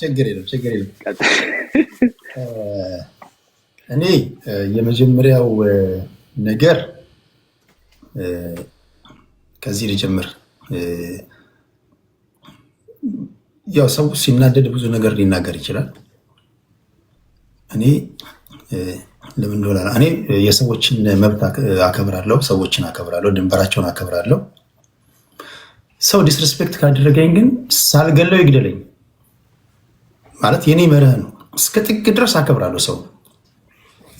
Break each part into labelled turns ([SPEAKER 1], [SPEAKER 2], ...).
[SPEAKER 1] ችግር የለም፣ ችግር የለም። እኔ የመጀመሪያው ነገር ከዚህ ልጀምር። ያው ሰው ሲናደድ ብዙ ነገር ሊናገር ይችላል። እኔ ለምን እንደሆነ እኔ የሰዎችን መብት አከብራለሁ፣ ሰዎችን አከብራለሁ፣ ድንበራቸውን አከብራለሁ። ሰው ዲስሪስፔክት ካደረገኝ ግን ሳልገለው ይግደለኝ። ማለት የኔ መርህ ነው። እስከ ጥግ ድረስ አከብራለሁ ሰው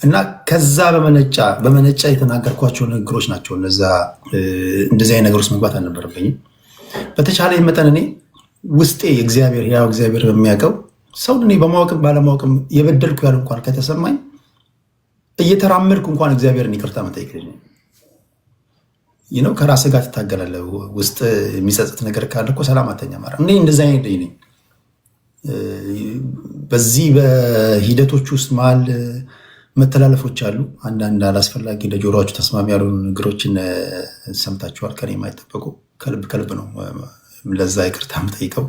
[SPEAKER 1] እና ከዛ በመነጫ በመነጫ የተናገርኳቸው ንግግሮች ናቸው። እነዛ እንደዚህ አይነት ነገሮች መግባት አልነበረብኝም። በተቻለ መጠን እኔ ውስጤ እግዚአብሔር ያው እግዚአብሔር በሚያውቀው ሰው እኔ በማወቅም ባለማወቅም የበደልኩ ያል እንኳን ከተሰማኝ እየተራመድኩ እንኳን እግዚአብሔርን ይቅርታ መጠየቅ ነው። ከራስህ ጋር ትታገላለህ። ውስጥ የሚጸጽት ነገር ካለ እኮ ሰላም አተኛ ማርያም። እኔ እንደዚ አይነት ነኝ በዚህ በሂደቶች ውስጥ መሀል መተላለፎች አሉ። አንዳንድ አላስፈላጊ ለጆሮአችሁ ተስማሚ ያልሆኑ ነገሮችን ሰምታችኋል። ከኔ የማይጠበቁ ከልብ ከልብ ነው ለዛ ይቅርታ የምጠይቀው።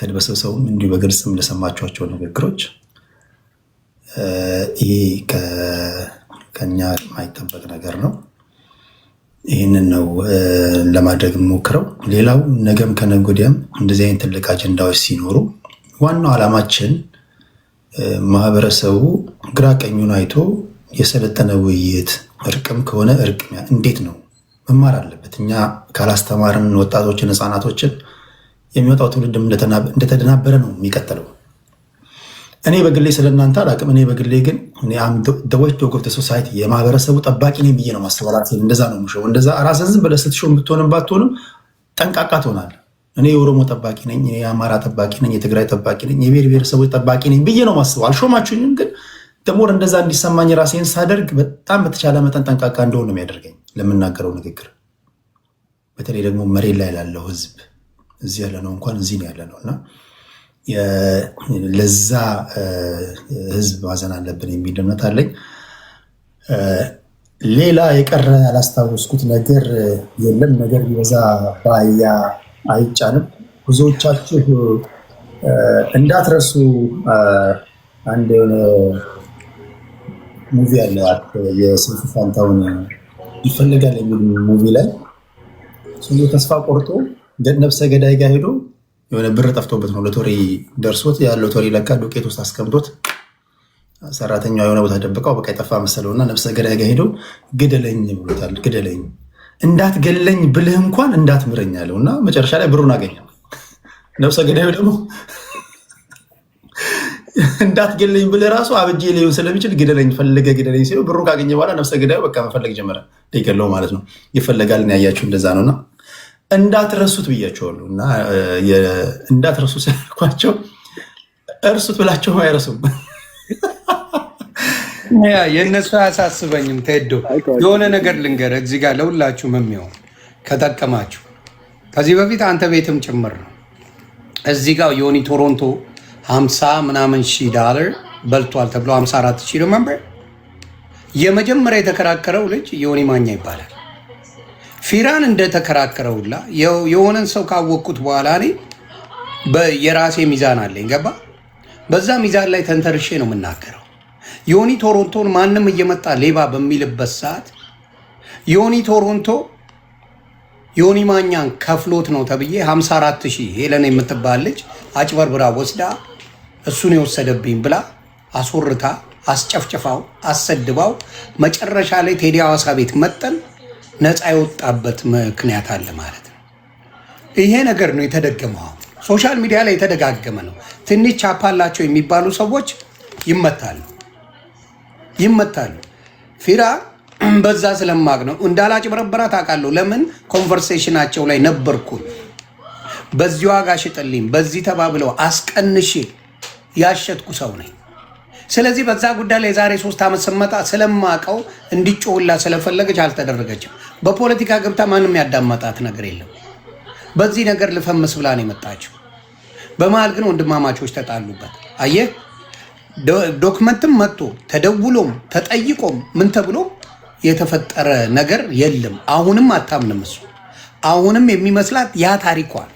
[SPEAKER 1] ተድበሰብሰውም እንዲሁ በግልጽም ለሰማችኋቸው ንግግሮች ይሄ ከኛ የማይጠበቅ ነገር ነው። ይህንን ነው ለማድረግ የምሞክረው። ሌላው ነገም ከነገ ወዲያም እንደዚህ አይነት ትልቅ አጀንዳዎች ሲኖሩ ዋናው ዓላማችን ማህበረሰቡ ግራ ቀኙን አይቶ የሰለጠነ ውይይት እርቅም ከሆነ እርቅ እንዴት ነው መማር አለበት። እኛ ካላስተማርን ወጣቶችን፣ ህፃናቶችን የሚወጣው ትውልድ እንደተደናበረ ነው የሚቀጥለው። እኔ በግሌ ስለ እናንተ አላቅም። እኔ በግሌ ግን ደዎች ዶጎፍተ ሶሳይቲ የማህበረሰቡ ጠባቂ ነኝ ብዬ ነው ማስተባላት። እንደዛ ነው እንደዛ ራስን ዝም ብለህ ስትሾም ብትሆንም ባትሆንም ጠንቃቃ ትሆናለህ። እኔ የኦሮሞ ጠባቂ ነኝ፣ የአማራ ጠባቂ ነኝ፣ የትግራይ ጠባቂ ነኝ፣ የብሔር ብሔረሰቦች ጠባቂ ነኝ ብዬ ነው ማስበው። አልሾማችሁኝም፣ ግን ደሞር እንደዛ እንዲሰማኝ ራሴን ሳደርግ በጣም በተቻለ መጠን ጠንቃቃ እንደሆነ ነው የሚያደርገኝ ለምናገረው ንግግር፣ በተለይ ደግሞ መሬት ላይ ላለው ህዝብ እዚህ ያለ ነው እንኳን እዚህ ነው ያለ ነው እና ለዛ ህዝብ ማዘን አለብን የሚል እምነት አለኝ። ሌላ የቀረ ያላስታወስኩት ነገር የለም። ነገር ቢበዛ ባያ አይጫንም። ብዙዎቻችሁ እንዳትረሱ አንድ የሆነ ሙቪ አለ የስንፉ ፋንታውን ይፈልጋል የሚል ሙቪ ላይ ሰውዬ ተስፋ ቆርጦ ነብሰ ገዳይ ጋር ሄዶ የሆነ ብር ጠፍቶበት ነው ሎተሪ ደርሶት ያ ሎተሪ ለካ ዱቄት ውስጥ አስቀምጦት ሰራተኛ የሆነ ቦታ ደብቀው በቃ የጠፋ መሰለውና ነብሰ ገዳይ ጋር ሄዶ ግደለኝ ብሎታል። ግደለኝ እንዳትገለኝ ብልህ እንኳን እንዳትምረኝ አለው እና መጨረሻ ላይ ብሩን አገኘ። ነብሰ ገዳዩ ደግሞ እንዳትገለኝ ብልህ ራሱ አብጄ ሊሆን ስለሚችል ግደለኝ፣ ፈለገ ግደለኝ ሲለው ብሩን ካገኘ በኋላ ነብሰ ገዳዩ በቃ መፈለግ ጀመረ። ሊገለው ማለት ነው ይፈለጋል። ያያችሁ እንደዛ ነውና እንዳትረሱት ብያቸዋሉ እና እንዳትረሱት ስላልኳቸው እርሱት ብላቸው አይረሱም።
[SPEAKER 2] የእነሱ አያሳስበኝም። ተሄዶ የሆነ ነገር ልንገር እዚህ ጋር ለሁላችሁም የሚሆን ከጠቀማችሁ ከዚህ በፊት አንተ ቤትም ጭምር ነው እዚህ ጋር ዮኒ ቶሮንቶ 50 ምናምን ሺ ዳለር በልቷል ተብሎ 54 ሺህ ሪመምበር የመጀመሪያ የተከራከረው ልጅ ዮኒ ማኛ ይባላል። ፊራን እንደተከራከረውላ የሆነን ሰው ካወቅኩት በኋላ እኔ የራሴ ሚዛን አለኝ ገባ። በዛ ሚዛን ላይ ተንተርሼ ነው የምናገረው። ዮኒ ቶሮንቶን ማንም እየመጣ ሌባ በሚልበት ሰዓት ዮኒ ቶሮንቶ ዮኒ ማኛን ከፍሎት ነው ተብዬ 54 ሺህ ሄለን የምትባል ልጅ አጭበርብራ ወስዳ እሱን የወሰደብኝ ብላ አስወርታ አስጨፍጭፋው አሰድባው መጨረሻ ላይ ቴዲ አዋሳ ቤት መጠን ነፃ የወጣበት ምክንያት አለ ማለት ነው። ይሄ ነገር ነው የተደገመው። ሶሻል ሚዲያ ላይ የተደጋገመ ነው። ትንሽ ቻፓላቸው የሚባሉ ሰዎች ይመታሉ። ይመታሉ። ፊራ በዛ ስለማቅ ነው እንዳላጭ በረበራ አውቃለሁ። ለምን ኮንቨርሴሽናቸው ላይ ነበርኩኝ። በዚህ ዋጋ ሽጥልኝ፣ በዚህ ተባብለው አስቀንሽ ያሸጥኩ ሰው ነኝ። ስለዚህ በዛ ጉዳይ ላይ የዛሬ ሶስት ዓመት ስመጣ ስለማቀው እንዲጮውላ ስለፈለገች አልተደረገችም። በፖለቲካ ገብታ ማንም ያዳመጣት ነገር የለም። በዚህ ነገር ልፈምስ ብላ ነው የመጣችው። በመሀል ግን ወንድማማቾች ተጣሉበት። አየህ ዶክመንትም መጥቶ ተደውሎም ተጠይቆም ምን ተብሎ የተፈጠረ ነገር የለም። አሁንም አታምንም እሱ አሁንም የሚመስላት ያ ታሪኳል።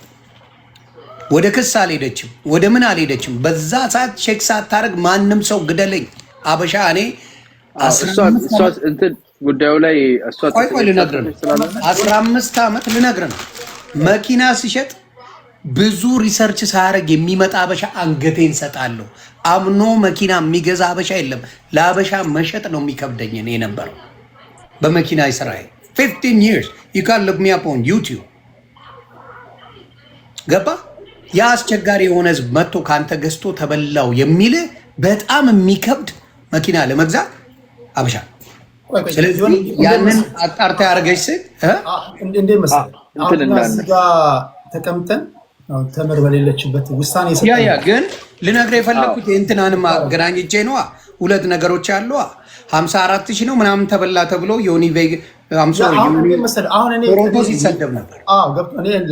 [SPEAKER 2] ወደ ክስ አልሄደችም፣ ወደ ምን አልሄደችም። በዛ ሰዓት ቼክ ሳታደርግ ማንም ሰው ግደለኝ አበሻ እኔ
[SPEAKER 3] ጉዳዩ ላይ ቆይ
[SPEAKER 2] ቆይ ነው። አስራ አምስት ዓመት ልነግር ነው። መኪና ሲሸጥ ብዙ ሪሰርች ሳያደርግ የሚመጣ አበሻ አንገቴን ሰጣለሁ አምኖ መኪና የሚገዛ አበሻ የለም። ለአበሻ መሸጥ ነው የሚከብደኝ እኔ የነበረው በመኪና ስራዬ። ፊፍቲን ይርስ ዩካን ሉክ ዩቲዩብ ገባ። ያ አስቸጋሪ የሆነ ህዝብ መጥቶ ከአንተ ገዝቶ ተበላው የሚል በጣም የሚከብድ መኪና ለመግዛት ሀበሻ። ስለዚህ ያንን አጣርታ ያደርገች ስ
[SPEAKER 3] እንዴ መሰለህ ተቀምጠን ተምር በሌለችበት ውሳኔ
[SPEAKER 2] ያ ያ ግን ልነግርህ የፈለግኩት እንትናንም አገናኝቼ ነዋ። ሁለት ነገሮች አለዋ። ሀምሳ አራት ሺህ ነው ምናምን ተበላ ተብሎ ዮኒ
[SPEAKER 3] ቶሮንቶ
[SPEAKER 2] ሲሰደብ ነበር።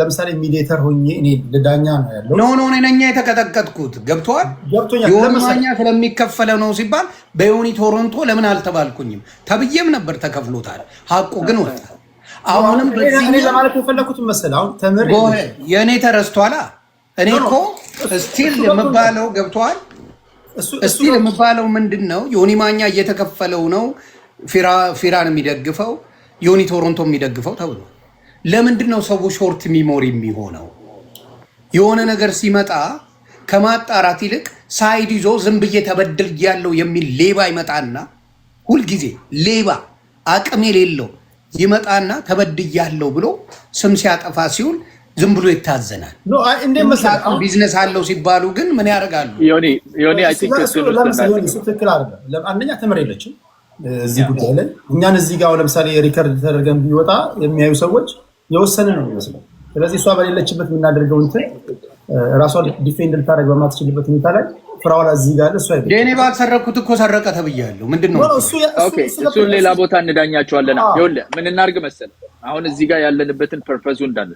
[SPEAKER 3] ለምሳሌ ሚዲየተር ሆኜ እኔ ልዳኛ ነው ያለው።
[SPEAKER 2] ኖ ነኛ የተቀጠቀጥኩት ገብቶሃል። ዮኒ ማኛ ስለሚከፈለው ነው ሲባል በዮኒ ቶሮንቶ ለምን አልተባልኩኝም ተብዬም ነበር። ተከፍሎታል። ሀቁ ግን ወጣ አሁንም
[SPEAKER 3] ለማለት የፈለኩት መሰለህ አሁን ተምር
[SPEAKER 2] የእኔ ተረስቷላ። እኔ እኮ ስቲል የምባለው ገብቷል። ስቲል የምባለው ምንድን ነው ዮኒ ማኛ እየተከፈለው ነው ፊራን የሚደግፈው ዮኒ ቶሮንቶ የሚደግፈው ተብሎ ለምንድን ነው ሰው ሾርት ሚሞሪ የሚሆነው? የሆነ ነገር ሲመጣ ከማጣራት ይልቅ ሳይድ ይዞ ዝም ብዬ ተበድል ያለው የሚል ሌባ ይመጣና ሁልጊዜ ሌባ አቅም የሌለው ይመጣና ተበድያለሁ ብሎ ስም ሲያጠፋ ሲውል ዝም ብሎ ይታዘናል። ቢዝነስ አለው ሲባሉ ግን ምን ያደርጋሉ?
[SPEAKER 3] አንደኛ ተምር የለችም እዚህ ጉዳይ ላይ እኛን እዚህ ጋር ለምሳሌ ሪከርድ ተደርገን ቢወጣ የሚያዩ ሰዎች የወሰነ ነው ይመስላል። ስለዚህ እሷ በሌለችበት የምናደርገው እንትን ራሷን ዲፌንድ ልታደርግ በማትችልበት ሁኔታ ላይ ፍራውላ እዚህ ጋር እሱ አይደለም።
[SPEAKER 2] የኔ ሰረኩት እኮ ሰረቀ ተብያለሁ። ምንድን ነው
[SPEAKER 3] እሱን ሌላ ቦታ እንዳኛቸዋለን። ይኸውልህ ምን እናድርግ መሰለህ፣ አሁን እዚህ ጋር ያለንበትን ፐርፐዙ እንዳለ